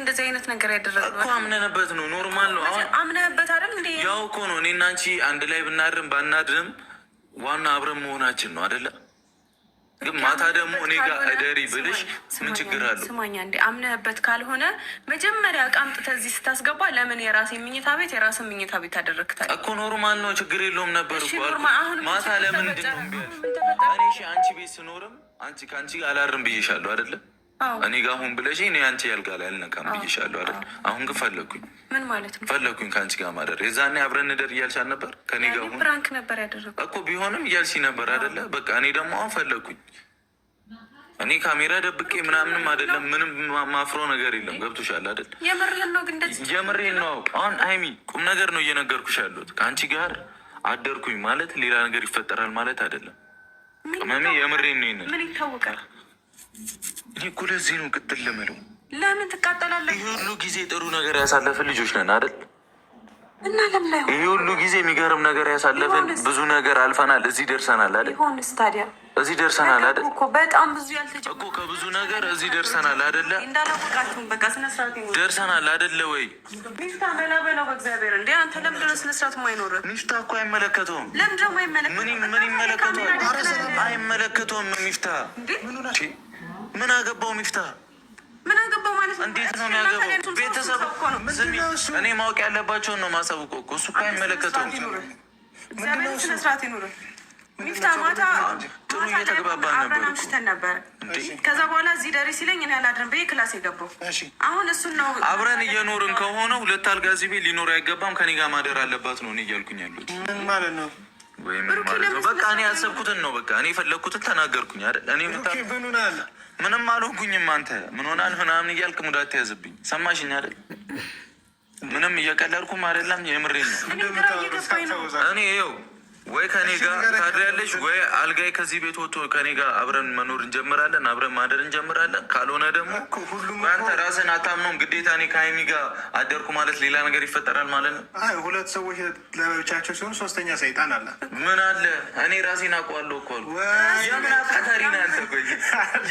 እንደዚህ አይነት ነገር ያደረግ እኮ አምነንበት ነው። ኖርማል ነው። አሁን አምነህበት አይደል እንዴ? ያው እኮ ነው እኔና አንቺ አንድ ላይ ብናድርም ባናድርም ዋና አብረን መሆናችን ነው አደለ? ግን ማታ ደግሞ እኔ ጋር እደሪ ብልሽ ምን ችግር አለው? ስማኛ እንዴ አምነህበት ካልሆነ መጀመሪያ ዕቃ አምጥተህ እዚህ ስታስገባ ለምን የራሴ ምኝታ ቤት የራስ ምኝታ ቤት አደረግታል እኮ ኖርማል ነው። ችግር የለውም ነበር እኮ ማታ ለምን ድነው አንቺ ቤት ስኖርም አንቺ ከአንቺ አላርም ብዬሻለሁ አደለም? እኔ ጋር አሁን ብለሽ እኔ አንቺ ያልጋ ላይ አልነቃም ብዬሻለሁ አይደል? አሁን ግን ፈለግኩኝ ምን ማለት ነው ፈለግኩኝ ከአንቺ ጋር ማደር። የዛኔ አብረን እንደር እያልሽ አልነበር? ከኔ ጋር አሁን ፍራንክ ነበር ያደረኩት እኮ ቢሆንም እያልሽ ነበር አይደለ? በቃ እኔ ደግሞ አሁን ፈለግኩኝ። እኔ ካሜራ ደብቄ ምናምንም አይደለም፣ ምንም ማፍሮ ነገር የለም። ገብቶሻል አይደል? የምሬን ነው ግን የምሬን ነው። አሁን አይሚ ቁም ነገር ነው እየነገርኩሽ ያለሁት። ከአንቺ ጋር አደርኩኝ ማለት ሌላ ነገር ይፈጠራል ማለት አይደለም። ቅመሜ የምሬን ነው። ምን ይታወቃል ይጎለ ዜኑ ቅጥል ልምለው ለምን ትቃጠላለህ? ይህ ሁሉ ጊዜ ጥሩ ነገር ያሳለፍን ልጆች ነን አይደል? እና ለምን አይሆን? ይህ ሁሉ ጊዜ የሚገርም ነገር ያሳለፍን ብዙ ነገር አልፈናል። እዚህ ደርሰናል አይደል? ይሆንስ ታዲያ እዚህ ደርሰናል አይደል? በጣም ብዙ ያልተጀመረ እኮ ከብዙ ነገር እዚህ ደርሰናል አይደለ? እንዳላወቃችሁም በቃ ስነ ስርዓት ደርሰናል አይደለ ወይ? ሚስታ በላ በላው በእግዚአብሔር እንደ አንተ ለምንድን ነው ስነ ስርዓት የማይኖረው? ሚፍታ እኮ አይመለከተውም። ለምንድን ነው የማይመለከተው? ምን ይመለከተዋል? አይመለከተውም ሚፍታ ምን አገባው ሚፍታ ምን አገባው ማለት ነው? እንዴት ነው ያገባው? ቤተሰብ ነው። እኔ ማወቅ ያለባቸውን ነው ማሳውቀው እኮ እሱ እኮ አይመለከተውም። እግዚአብሔር ስነ ስርዓት ይኑር። ሚፍታ ማታ ጥሩ እየተግባባን ነበር አምሽተን ከዛ በኋላ እዚህ ደሪ ሲለኝ እኔ አላድርም ብዬ ክላስ የገባው አሁን እሱን ነው። አብረን እየኖርን ከሆነ ሁለት አልጋ እዚህ ቤት ሊኖር አይገባም። ከኔ ጋር ማደር አለባት ነው እኔ እያልኩኝ ያሉት ምን ማለት ነው በቃ እኔ ያሰብኩትን ነው። በቃ እኔ የፈለግኩትን ተናገርኩኝ። እኔ ምንም አልሆንኩኝም። አንተ ምን ሆናል ምናምን እያልክ ሙዳት ተያዝብኝ። ሰማሽኝ አይደል? ምንም እየቀለድኩም አይደለም። የምሬን ነው እኔ ይኸው ወይ ከኔ ጋር ታድሪያለሽ ወይ አልጋይ ከዚህ ቤት ወጥቶ ከኔ ጋር አብረን መኖር እንጀምራለን፣ አብረን ማደር እንጀምራለን። ካልሆነ ደግሞ በአንተ ራስን አታምነውም። ግዴታ እኔ ከሀይሚ ጋር አደርኩ ማለት ሌላ ነገር ይፈጠራል ማለት ነው። አይ ሁለት ሰዎች ለብቻቸው ሲሆኑ ሶስተኛ ሰይጣን አለ። ምን አለ? እኔ ራሴን አውቀዋለሁ እኮ አሉ። የምን አካታሪ ነህ አንተ? ቆይ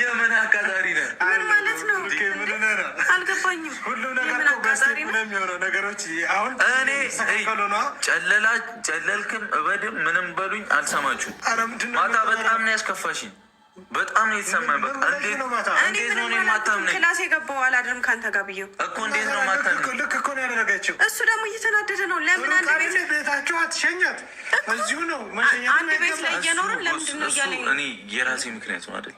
የምን አካታሪ ነህ? ምን ማለት ነው? አልገባኝም ሁሉ ነገር ጨለልክም እበድም ምንም በሉኝ አልሰማችሁም። ማታ በጣም ነው ያስከፋሽኝ። በጣም ነው የተሰማኝ። በቃ እንዴት ነው ክላስ የገባው አላድርም ከአንተ ጋር እኮ እንዴት ነው ማታምነኝ? ልክ እኮ ነው ያደረገችው። እሱ ደግሞ እየተናደደ ነው። ለምን አንድ ቤት አትሸኛት? እዚሁ ነው አንድ ቤት ላይ እየኖርን ለምንድን ነው እያለኝ እኔ የራሴ ምክንያት ነው አይደል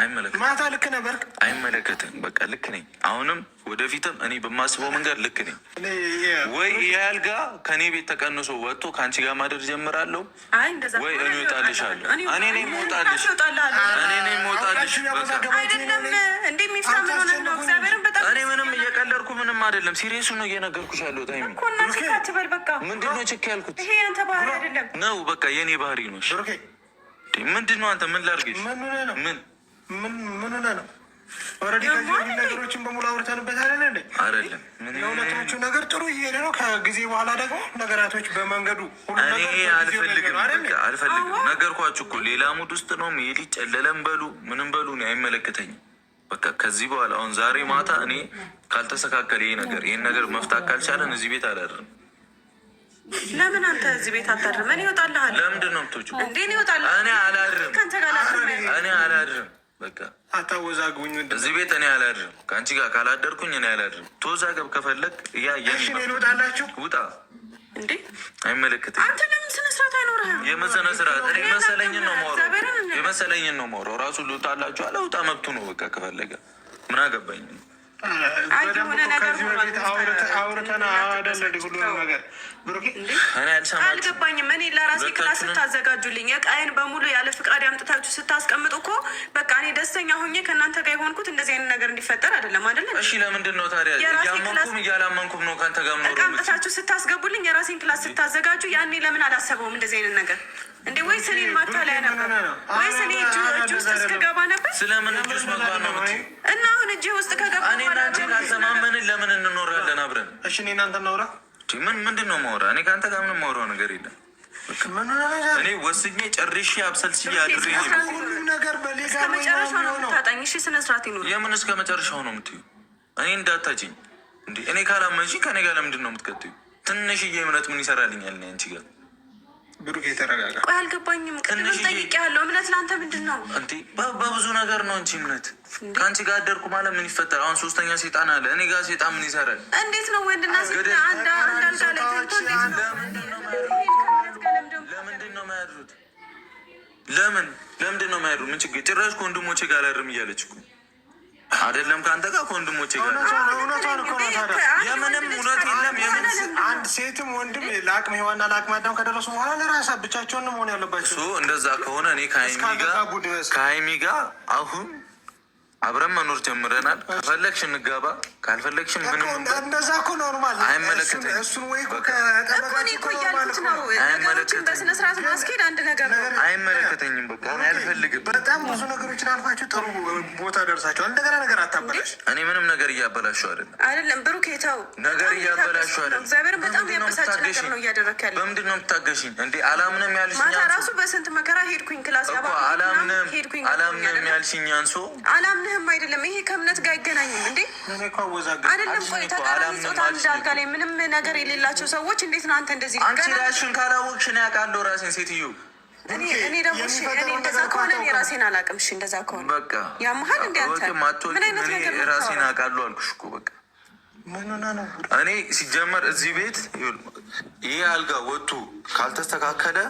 አይመለከትም። ማታ ልክ ነበር። አይመለከትም። በቃ ልክ ነኝ። አሁንም ወደፊትም እኔ በማስበው መንገድ ልክ ነኝ ወይ ይህ አልጋ ከእኔ ቤት ተቀንሶ ወጥቶ ከአንቺ ጋር ማደር ጀምራለሁ ወይ እኔ እወጣልሻለሁ። እኔ ነኝ እወጣልሽ። እኔ ነኝ እወጣልሽ። እኔ ምንም እየቀለድኩ ምንም አይደለም። ሲሪየሱ ነው እየነገርኩሽ ያለሁት። አይ ምንድን ነው ችክ ያልኩት ነው። በቃ የእኔ ባህሪ ነው። ምንድን ነው አንተ ምን ላድርግሽ? ምን ምን ምን ሆነ ነው? ኦልሬዲ ከዚህ ነገሮችን በሙሉ አውርተንበት አለን እንዴ? አይደለም። የእውነቶቹ ነገር ጥሩ እየሄደ ነው። ከጊዜ በኋላ ደግሞ ነገራቶች በመንገዱ አልፈልግም አልፈልግም። ነገርኳችሁ እኮ ሌላ ሙድ ውስጥ ነው ሜሊ። ጨለለም በሉ ምንም በሉ እኔ አይመለከተኝም። በቃ ከዚህ በኋላ አሁን ዛሬ ማታ እኔ ካልተስተካከለ ይሄ ነገር ይህን ነገር መፍታት ካልቻለን እዚህ ቤት አላድርም። ለምን አንተ እዚህ ቤት አታድርም? እኔ እወጣልሃለሁ። ለምንድን ነው ምቶች የምትወጪው? እኔ አላድርም። ከአንተ ጋር እኔ አላድርም በቃ አታወዛግቡኝ። እዚህ ቤት እኔ አላድርም፣ ከአንቺ ጋር ካላደርኩኝ እኔ አላድርም። ተወዛገብ ከፈለግ እያየሽ እንወጣላችሁ። ውጣ እንዴ! አይመለከትም። አንተ ለምን ስነ ስርዓት አይኖርህም? የመሰነ ስርዓት እኔ መሰለኝን ነው ሞሮ የመሰለኝን ነው ሞሮ ራሱ ልውጣላችሁ አለ። ውጣ፣ መብቱ ነው። በቃ ከፈለገ ምን አገባኝ? አውርተን አደለድ ሁሉ ነገር ብሩኬ፣ እኔ አልሰማችም። አልገባኝም እኔ ፕላስ ስታዘጋጁልኝ የቃይን በሙሉ ያለ ፍቃድ አምጥታችሁ ስታስቀምጡ እኮ በቃ እኔ ደስተኛ ሆኜ ከእናንተ ጋር የሆንኩት እንደዚህ አይነት ነገር እንዲፈጠር አይደለም አደለ? እሺ፣ ለምንድን ነው ታዲያ እያመንኩም እያላመንኩም ነው ከአንተ ጋር ምኖረ አምጥታችሁ ስታስገቡልኝ የራሴን ክላስ ስታዘጋጁ ያኔ ለምን አላሰበውም እንደዚህ አይነት ነገር እንዴ? ወይስ እኔን ማታለያ ነበር ወይ ስኔ እጁ እጁ ውስጥ እስከገባ ነበር? ስለምን እጁ ውስጥ መግባ ነው ምት እና አሁን እጅ ውስጥ ከገባ እኔና አንቺ ካልተማመንን ለምን እንኖራለን አብረን? እሺ፣ እኔ እናንተ እናውራ። ምን ምንድን ነው ማውራ? እኔ ከአንተ ጋር ምንም ማውራው ነገር የለም እኔ ወስኜ ጨርሼ አብሰልስዬ አድሬ የምን እስከ መጨረሻው ነው የምትዩ? እኔ እንዳታጭኝ እንዴ! እኔ ካላመንሽኝ ከኔ ጋር ለምንድን ነው የምትከትዩ? ትንሽዬ እምነት ምን ይሰራልኛል? እኔ አንቺ ጋር ብሩክ የተረጋጋ ቆይ፣ አልገባኝም። ቅድም ጠይቄያለሁ። እምነት ለአንተ ምንድን ነው? እንዴ በብዙ ነገር ነው እንጂ እምነት ከአንቺ ጋር አደርኩ ማለት ምን ይፈጠር? አሁን ሶስተኛ ሴጣን አለ። እኔ ጋር ሴጣን ምን ይሰራል? እንዴት ነው ወንድና ሴት አንድ አልጋ ላይ ተኝቶ እንዴት ነው የማያድሩት? ለምን ለምንድን ነው የማያድሩ? ምን ችግር ጭራሽ ከወንድሞቼ ጋር አላድርም እያለች እኮ አይደለም ከአንተ ጋር ከወንድሞቼ ጋር የምንም እውነት የለም። አንድ ሴትም ወንድም ለአቅመ ሔዋንና ለአቅመ አዳም ከደረሱ በኋላ ለራሳ ብቻቸውን መሆን ያለባቸው። እሱ እንደዛ ከሆነ እኔ ከሀይሚ ጋር አሁን አብረን መኖር ጀምረናል። ከፈለግሽ እንጋባ፣ ካልፈለግሽ ምንም እንደዛ እኮ ኖርማል። አይመለከተኝም እያልኩት ነው። ነገሮችን በስነ ስርዓት ማስኬድ አንድ ነገር ነው። አይመለከተኝም። በቃ አልፈልግም። በጣም ብዙ ነገሮችን አልፋችሁ ጥሩ ቦታ ደርሳችኋል። እንደገና ነገር አታበላሽ። እኔ ምንም ነገር እያበላሹ አይደለም ብሩኬ፣ ተው። ነገር እያበላሹ አይደለም። በጣም ያበሳጭ ነገር ነው እያደረክ ያለ። በምንድን ነው የምታገሽኝ እንዴ? አላምንም ማታ ራሱ በስንት መከራ ሄድኩኝ ክላስ አላምንም ሄድኩኝ አላምንም ያልሽኝ አንሶ አላምንም አምነህም አይደለም። ይሄ ከእምነት ጋር አይገናኝም እንዴ አይደለም። ቆይ ተቃራኒ ጾታ አንድ ላይ ምንም ነገር የሌላቸው ሰዎች እንዴት ነው አንተ እንደዚህ? አንቺ ራስሽን ካላወቅሽ እኔ አውቃለሁ ራሴን ሴትዮ እኔ ደግሞ እኔ እንደዛ ከሆነ እኔ ራሴን አላውቅም። እሺ እንደዛ ከሆነ በቃ ያመሀል እንደ አንተ ምን አይነት ነገር ራሴን አውቃለሁ አልኩሽ እኮ በቃ እኔ ሲጀመር እዚህ ቤት ይሄ አልጋ ወጡ ካልተስተካከለ